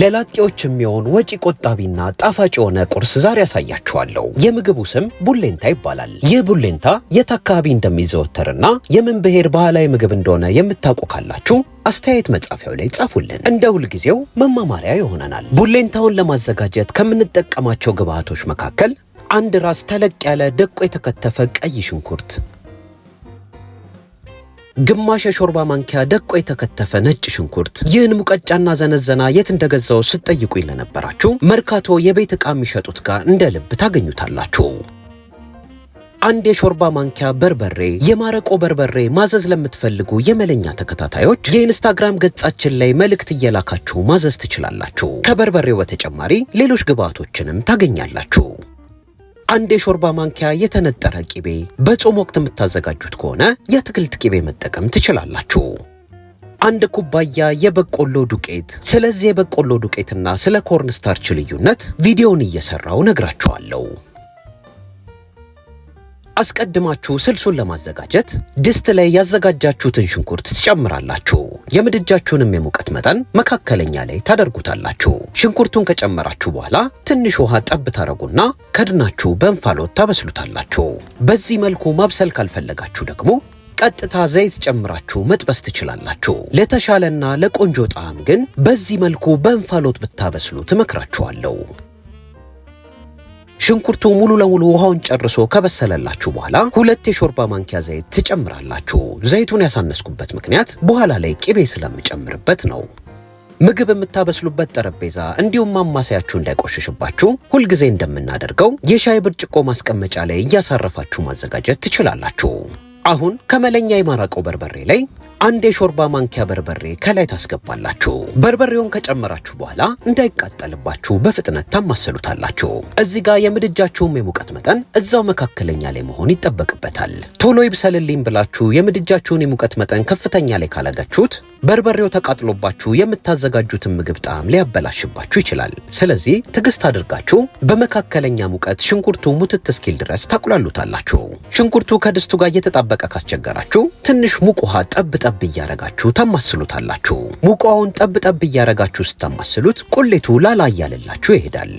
ለላጤዎች የሚሆን ወጪ ቆጣቢና ጣፋጭ የሆነ ቁርስ ዛሬ ያሳያችኋለሁ። የምግቡ ስም ቡሌንታ ይባላል። ይህ ቡሌንታ የት አካባቢ እንደሚዘወተርና የምን ብሔር ባህላዊ ምግብ እንደሆነ የምታውቁ ካላችሁ አስተያየት መጻፊያው ላይ ጻፉልን። እንደ ሁልጊዜው መማማሪያ ይሆነናል። ቡሌንታውን ለማዘጋጀት ከምንጠቀማቸው ግብአቶች መካከል አንድ ራስ ተለቅ ያለ ደቆ የተከተፈ ቀይ ሽንኩርት ግማሽ የሾርባ ማንኪያ ደቆ የተከተፈ ነጭ ሽንኩርት። ይህን ሙቀጫና ዘነዘና የት እንደገዛው ስትጠይቁኝ ለነበራችሁ መርካቶ የቤት ዕቃ የሚሸጡት ጋር እንደ ልብ ታገኙታላችሁ። አንድ የሾርባ ማንኪያ በርበሬ፣ የማረቆ በርበሬ ማዘዝ ለምትፈልጉ የመለኛ ተከታታዮች የኢንስታግራም ገጻችን ላይ መልእክት እየላካችሁ ማዘዝ ትችላላችሁ። ከበርበሬው በተጨማሪ ሌሎች ግብዓቶችንም ታገኛላችሁ። አንድ የሾርባ ማንኪያ የተነጠረ ቂቤ። በጾም ወቅት የምታዘጋጁት ከሆነ የአትክልት ቂቤ መጠቀም ትችላላችሁ። አንድ ኩባያ የበቆሎ ዱቄት። ስለዚህ የበቆሎ ዱቄትና ስለ ኮርንስታርች ልዩነት ቪዲዮውን እየሰራው ነግራችኋለሁ። አስቀድማችሁ ስልሱን ለማዘጋጀት ድስት ላይ ያዘጋጃችሁትን ሽንኩርት ትጨምራላችሁ። የምድጃችሁንም የሙቀት መጠን መካከለኛ ላይ ታደርጉታላችሁ። ሽንኩርቱን ከጨመራችሁ በኋላ ትንሽ ውሃ ጠብ ታረጉና ከድናችሁ በእንፋሎት ታበስሉታላችሁ። በዚህ መልኩ ማብሰል ካልፈለጋችሁ ደግሞ ቀጥታ ዘይት ጨምራችሁ መጥበስ ትችላላችሁ። ለተሻለና ለቆንጆ ጣዕም ግን በዚህ መልኩ በእንፋሎት ብታበስሉ ትመክራችኋለሁ። ሽንኩርቱ ሙሉ ለሙሉ ውሃውን ጨርሶ ከበሰለላችሁ በኋላ ሁለት የሾርባ ማንኪያ ዘይት ትጨምራላችሁ። ዘይቱን ያሳነስኩበት ምክንያት በኋላ ላይ ቅቤ ስለምጨምርበት ነው። ምግብ የምታበስሉበት ጠረጴዛ እንዲሁም ማማሰያችሁ እንዳይቆሽሽባችሁ ሁልጊዜ እንደምናደርገው የሻይ ብርጭቆ ማስቀመጫ ላይ እያሳረፋችሁ ማዘጋጀት ትችላላችሁ። አሁን ከመለኛ የማራቀው በርበሬ ላይ አንድ የሾርባ ማንኪያ በርበሬ ከላይ ታስገባላችሁ። በርበሬውን ከጨመራችሁ በኋላ እንዳይቃጠልባችሁ በፍጥነት ታማሰሉታላችሁ። እዚህ ጋር የምድጃችሁም የሙቀት መጠን እዛው መካከለኛ ላይ መሆን ይጠበቅበታል። ቶሎ ይብሰልልኝ ብላችሁ የምድጃችሁን የሙቀት መጠን ከፍተኛ ላይ ካላጋችሁት በርበሬው ተቃጥሎባችሁ የምታዘጋጁትን ምግብ ጣዕም ሊያበላሽባችሁ ይችላል። ስለዚህ ትዕግስት አድርጋችሁ በመካከለኛ ሙቀት ሽንኩርቱ ሙትት እስኪል ድረስ ታቁላሉታላችሁ። ሽንኩርቱ ከድስቱ ጋር እየተጣበቀ ካስቸገራችሁ ትንሽ ሙቅ ውሃ ጠብ ጠብ እያረጋችሁ ታማስሉታላችሁ። ሙቅ ውሃውን ጠብ ጠብ እያረጋችሁ ስታማስሉት ቁሌቱ ላላ እያለላችሁ ይሄዳል።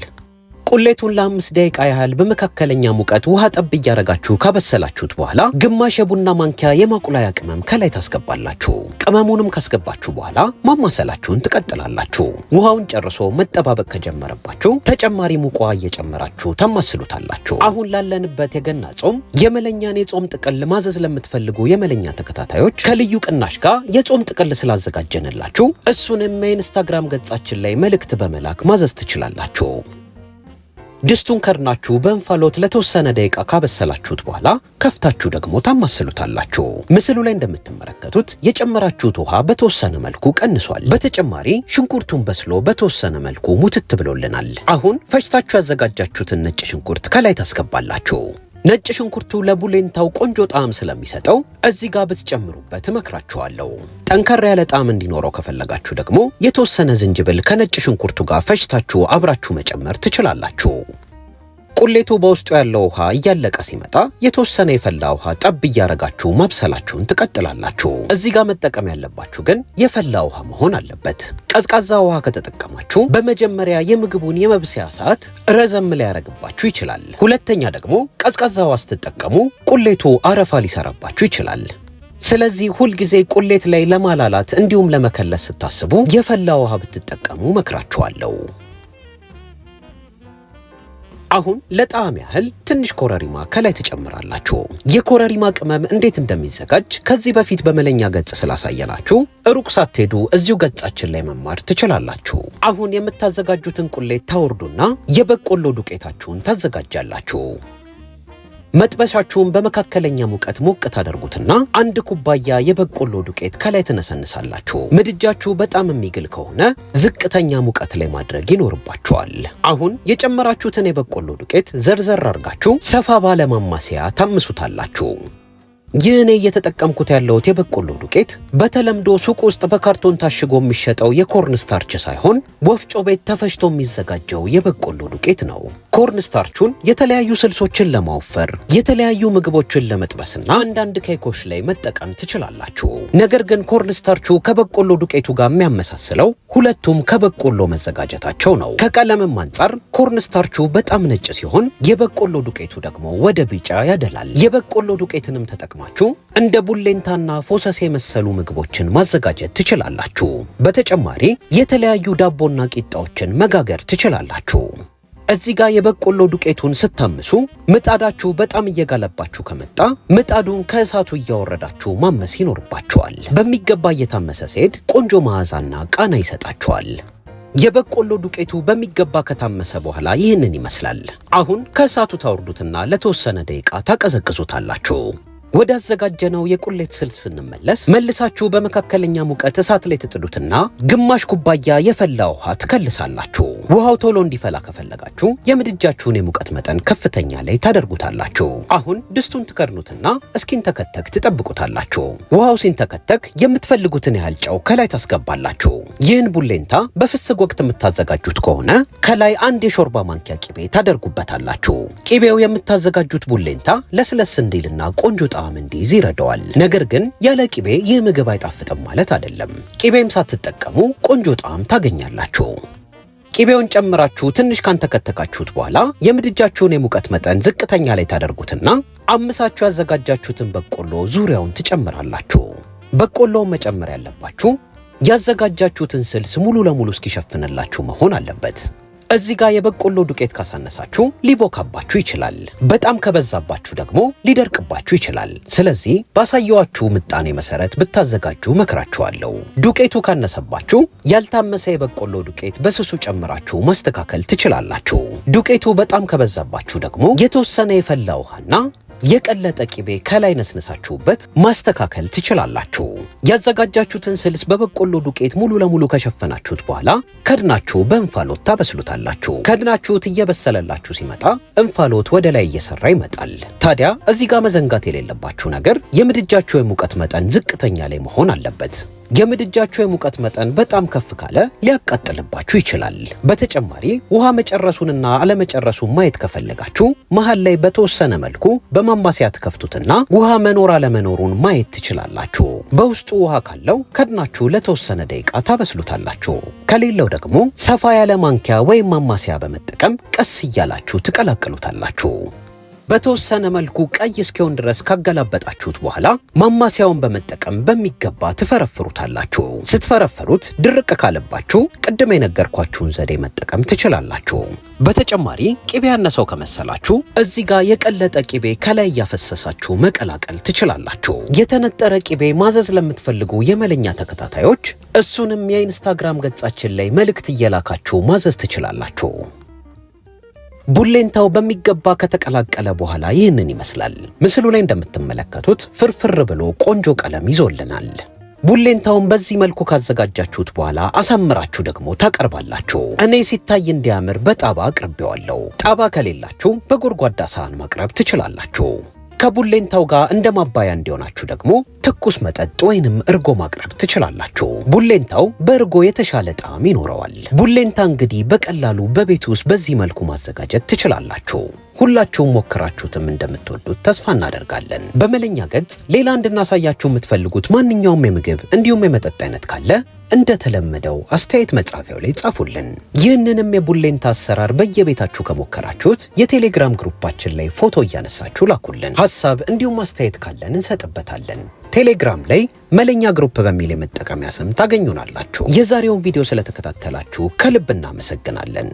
ቁሌቱን ለአምስት ደቂቃ ያህል በመካከለኛ ሙቀት ውሃ ጠብ እያረጋችሁ ካበሰላችሁት በኋላ ግማሽ የቡና ማንኪያ የማቁላያ ቅመም ከላይ ታስገባላችሁ። ቅመሙንም ካስገባችሁ በኋላ ማማሰላችሁን ትቀጥላላችሁ። ውሃውን ጨርሶ መጠባበቅ ከጀመረባችሁ ተጨማሪ ሙቋ እየጨመራችሁ ታማስሉታላችሁ። አሁን ላለንበት የገና ጾም የመለኛን የጾም ጥቅል ማዘዝ ለምትፈልጉ የመለኛ ተከታታዮች ከልዩ ቅናሽ ጋር የጾም ጥቅል ስላዘጋጀንላችሁ እሱንም የኢንስታግራም ገጻችን ላይ መልእክት በመላክ ማዘዝ ትችላላችሁ። ድስቱን ከድናችሁ በእንፋሎት ለተወሰነ ደቂቃ ካበሰላችሁት በኋላ ከፍታችሁ ደግሞ ታማስሉታላችሁ። ምስሉ ላይ እንደምትመለከቱት የጨመራችሁት ውሃ በተወሰነ መልኩ ቀንሷል። በተጨማሪ ሽንኩርቱን በስሎ በተወሰነ መልኩ ሙትት ብሎልናል። አሁን ፈጭታችሁ ያዘጋጃችሁትን ነጭ ሽንኩርት ከላይ ታስገባላችሁ። ነጭ ሽንኩርቱ ለቡሌንታው ቆንጆ ጣዕም ስለሚሰጠው እዚህ ጋር ብትጨምሩበት እመክራችኋለሁ። ጠንከር ያለ ጣዕም እንዲኖረው ከፈለጋችሁ ደግሞ የተወሰነ ዝንጅብል ከነጭ ሽንኩርቱ ጋር ፈጭታችሁ አብራችሁ መጨመር ትችላላችሁ። ቁሌቱ በውስጡ ያለው ውሃ እያለቀ ሲመጣ የተወሰነ የፈላ ውሃ ጠብ እያረጋችሁ ማብሰላችሁን ትቀጥላላችሁ። እዚህ ጋር መጠቀም ያለባችሁ ግን የፈላ ውሃ መሆን አለበት። ቀዝቃዛ ውሃ ከተጠቀማችሁ በመጀመሪያ የምግቡን የመብሰያ ሰዓት ረዘም ሊያረግባችሁ ይችላል። ሁለተኛ ደግሞ ቀዝቃዛ ውሃ ስትጠቀሙ ቁሌቱ አረፋ ሊሰራባችሁ ይችላል። ስለዚህ ሁልጊዜ ቁሌት ላይ ለማላላት እንዲሁም ለመከለስ ስታስቡ የፈላ ውሃ ብትጠቀሙ መክራችኋለሁ። አሁን ለጣዕም ያህል ትንሽ ኮረሪማ ከላይ ትጨምራላችሁ። የኮረሪማ ቅመም እንዴት እንደሚዘጋጅ ከዚህ በፊት በመለኛ ገጽ ስላሳየናችሁ ሩቅ ሳትሄዱ እዚሁ ገጻችን ላይ መማር ትችላላችሁ። አሁን የምታዘጋጁትን ቁሌት ታወርዱና የበቆሎ ዱቄታችሁን ታዘጋጃላችሁ። መጥበሻችሁን በመካከለኛ ሙቀት ሞቅ ታደርጉትና አንድ ኩባያ የበቆሎ ዱቄት ከላይ ትነሰንሳላችሁ። ምድጃችሁ በጣም የሚግል ከሆነ ዝቅተኛ ሙቀት ላይ ማድረግ ይኖርባችኋል። አሁን የጨመራችሁትን የበቆሎ ዱቄት ዘርዘር አርጋችሁ ሰፋ ባለ ማማሰያ ታምሱታላችሁ። ይህ እኔ እየተጠቀምኩት ያለሁት የበቆሎ ዱቄት በተለምዶ ሱቅ ውስጥ በካርቶን ታሽጎ የሚሸጠው የኮርን ስታርች ሳይሆን ወፍጮ ቤት ተፈጭቶ የሚዘጋጀው የበቆሎ ዱቄት ነው። ኮርን ስታርቹን የተለያዩ ስልሶችን ለማወፈር፣ የተለያዩ ምግቦችን ለመጥበስና አንዳንድ ኬኮች ላይ መጠቀም ትችላላችሁ። ነገር ግን ኮርንስታርቹ ከበቆሎ ዱቄቱ ጋር የሚያመሳስለው ሁለቱም ከበቆሎ መዘጋጀታቸው ነው። ከቀለምም አንጻር ኮርን ስታርቹ በጣም ነጭ ሲሆን፣ የበቆሎ ዱቄቱ ደግሞ ወደ ቢጫ ያደላል። የበቆሎ ዱቄትንም ተጠቅመ ተጠቅማችሁ እንደ ቡሌንታና ፎሰስ የመሰሉ ምግቦችን ማዘጋጀት ትችላላችሁ። በተጨማሪ የተለያዩ ዳቦና ቂጣዎችን መጋገር ትችላላችሁ። እዚህ ጋር የበቆሎ ዱቄቱን ስታምሱ ምጣዳችሁ በጣም እየጋለባችሁ ከመጣ ምጣዱን ከእሳቱ እያወረዳችሁ ማመስ ይኖርባችኋል። በሚገባ እየታመሰ ሲሄድ ቆንጆ መዓዛና ቃና ይሰጣችኋል። የበቆሎ ዱቄቱ በሚገባ ከታመሰ በኋላ ይህንን ይመስላል። አሁን ከእሳቱ ታወርዱትና ለተወሰነ ደቂቃ ታቀዘቅዙታላችሁ። ወዳዘጋጀነው የቁሌት ስልስ ስንመለስ መልሳችሁ በመካከለኛ ሙቀት እሳት ላይ ትጥዱትና ግማሽ ኩባያ የፈላ ውሃ ትከልሳላችሁ። ውሃው ቶሎ እንዲፈላ ከፈለጋችሁ የምድጃችሁን የሙቀት መጠን ከፍተኛ ላይ ታደርጉታላችሁ። አሁን ድስቱን ትከድኑትና እስኪንተከተክ ትጠብቁታላችሁ። ውሃው ሲንተከተክ የምትፈልጉትን ያህል ጨው ከላይ ታስገባላችሁ። ይህን ቡሌንታ በፍስግ ወቅት የምታዘጋጁት ከሆነ ከላይ አንድ የሾርባ ማንኪያ ቂቤ ታደርጉበታላችሁ። ቂቤው የምታዘጋጁት ቡሌንታ ለስለስ እንዲልና ቆንጆ ጣዕም እንዲይዝ ይረዳዋል። ነገር ግን ያለ ቂቤ ይህ ምግብ አይጣፍጥም ማለት አይደለም። ቂቤም ሳትጠቀሙ ቆንጆ ጣዕም ታገኛላችሁ። ቂቤውን ጨምራችሁ ትንሽ ካንተከተካችሁት በኋላ የምድጃችሁን የሙቀት መጠን ዝቅተኛ ላይ ታደርጉትና አምሳችሁ ያዘጋጃችሁትን በቆሎ ዙሪያውን ትጨምራላችሁ። በቆሎውን መጨመር ያለባችሁ ያዘጋጃችሁትን ስልስ ሙሉ ለሙሉ እስኪሸፍንላችሁ መሆን አለበት። እዚህ ጋር የበቆሎ ዱቄት ካሳነሳችሁ ሊቦካባችሁ ይችላል። በጣም ከበዛባችሁ ደግሞ ሊደርቅባችሁ ይችላል። ስለዚህ ባሳየዋችሁ ምጣኔ መሰረት ብታዘጋጁ መክራችኋለሁ። ዱቄቱ ካነሰባችሁ ያልታመሰ የበቆሎ ዱቄት በስሱ ጨምራችሁ ማስተካከል ትችላላችሁ። ዱቄቱ በጣም ከበዛባችሁ ደግሞ የተወሰነ የፈላ ውሃና የቀለጠ ቂቤ ከላይ ነስነሳችሁበት ማስተካከል ትችላላችሁ። ያዘጋጃችሁትን ስልስ በበቆሎ ዱቄት ሙሉ ለሙሉ ከሸፈናችሁት በኋላ ከድናችሁ በእንፋሎት ታበስሉታላችሁ። ከድናችሁት እየበሰለላችሁ ሲመጣ እንፋሎት ወደ ላይ እየሰራ ይመጣል። ታዲያ እዚህ ጋር መዘንጋት የሌለባችሁ ነገር የምድጃችሁ የሙቀት መጠን ዝቅተኛ ላይ መሆን አለበት። የምድጃቸው የሙቀት መጠን በጣም ከፍ ካለ ሊያቃጥልባችሁ ይችላል። በተጨማሪ ውሃ መጨረሱንና አለመጨረሱን ማየት ከፈለጋችሁ መሀል ላይ በተወሰነ መልኩ በማማሰያ ትከፍቱትና ውሃ መኖር አለመኖሩን ማየት ትችላላችሁ። በውስጡ ውሃ ካለው ከድናችሁ ለተወሰነ ደቂቃ ታበስሉታላችሁ። ከሌለው ደግሞ ሰፋ ያለ ማንኪያ ወይም ማማሰያ በመጠቀም ቀስ እያላችሁ ትቀላቅሉታላችሁ። በተወሰነ መልኩ ቀይ እስኪሆን ድረስ ካገላበጣችሁት በኋላ ማማሲያውን በመጠቀም በሚገባ ትፈረፍሩታላችሁ። ስትፈረፍሩት ድርቅ ካለባችሁ ቅድም የነገርኳችሁን ዘዴ መጠቀም ትችላላችሁ። በተጨማሪ ቅቤ ያነሰው ከመሰላችሁ እዚህ ጋር የቀለጠ ቅቤ ከላይ እያፈሰሳችሁ መቀላቀል ትችላላችሁ። የተነጠረ ቅቤ ማዘዝ ለምትፈልጉ የመለኛ ተከታታዮች እሱንም የኢንስታግራም ገጻችን ላይ መልእክት እየላካችሁ ማዘዝ ትችላላችሁ። ቡሌንታው በሚገባ ከተቀላቀለ በኋላ ይህንን ይመስላል። ምስሉ ላይ እንደምትመለከቱት ፍርፍር ብሎ ቆንጆ ቀለም ይዞልናል። ቡሌንታውን በዚህ መልኩ ካዘጋጃችሁት በኋላ አሳምራችሁ ደግሞ ታቀርባላችሁ። እኔ ሲታይ እንዲያምር በጣባ አቅርቤዋለሁ። ጣባ ከሌላችሁ በጎድጓዳ ሳህን ማቅረብ ትችላላችሁ። ከቡሌንታው ጋር እንደ ማባያ እንዲሆናችሁ ደግሞ ትኩስ መጠጥ ወይንም እርጎ ማቅረብ ትችላላችሁ። ቡሌንታው በእርጎ የተሻለ ጣዕም ይኖረዋል። ቡሌንታ እንግዲህ በቀላሉ በቤት ውስጥ በዚህ መልኩ ማዘጋጀት ትችላላችሁ። ሁላችሁም ሞክራችሁትም እንደምትወዱት ተስፋ እናደርጋለን። በመለኛ ገጽ ሌላ እንድናሳያችሁ የምትፈልጉት ማንኛውም የምግብ እንዲሁም የመጠጥ አይነት ካለ እንደተለመደው አስተያየት መጻፊያው ላይ ጻፉልን። ይህንንም የቡሌንታ አሰራር በየቤታችሁ ከሞከራችሁት የቴሌግራም ግሩፓችን ላይ ፎቶ እያነሳችሁ ላኩልን። ሀሳብ እንዲሁም አስተያየት ካለን እንሰጥበታለን። ቴሌግራም ላይ መለኛ ግሩፕ በሚል የመጠቀሚያ ስም ታገኙናላችሁ። የዛሬውን ቪዲዮ ስለተከታተላችሁ ከልብ እናመሰግናለን።